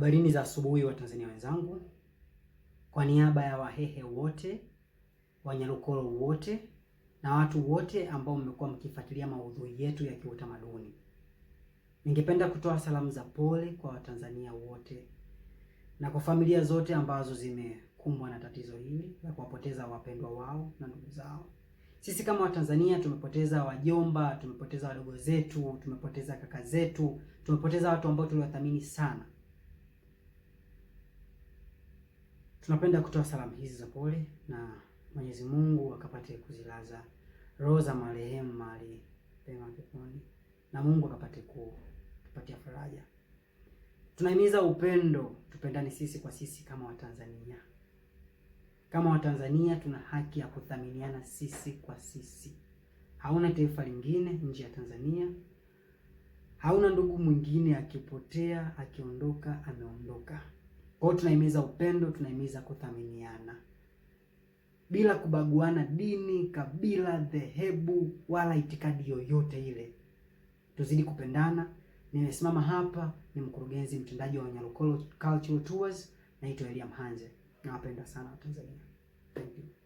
Habarini za asubuhi Watanzania wenzangu, kwa niaba ya Wahehe wote, Wanyarukoro wote na watu wote ambao mmekuwa mkifuatilia maudhui yetu ya kiutamaduni, ningependa kutoa salamu za pole kwa Watanzania wote na kwa familia zote ambazo zimekumbwa na tatizo hili la kuwapoteza wapendwa wao na ndugu zao. Sisi kama Watanzania tumepoteza wajomba, tumepoteza wadogo zetu, tumepoteza kaka zetu, tumepoteza watu ambao tuliwathamini sana. Tunapenda kutoa salamu hizi za pole na Mwenyezi Mungu akapate kuzilaza roho za marehemu mahali pema peponi na Mungu akapate kutupatia faraja. Tunahimiza upendo, tupendane sisi kwa sisi kama Watanzania. Kama Watanzania tuna haki ya kuthaminiana sisi kwa sisi. Hauna taifa lingine nje ya Tanzania. Hauna ndugu mwingine akipotea, akiondoka, ameondoka. Kwa hiyo tunahimiza upendo, tunahimiza kuthaminiana bila kubaguana dini, kabila, dhehebu wala itikadi yoyote ile. Tuzidi kupendana. Nimesimama hapa, ni mkurugenzi mtendaji wa Nyarukolo Cultural Tours. Naitwa Elia Mhanje, nawapenda sana Watanzania. Thank you.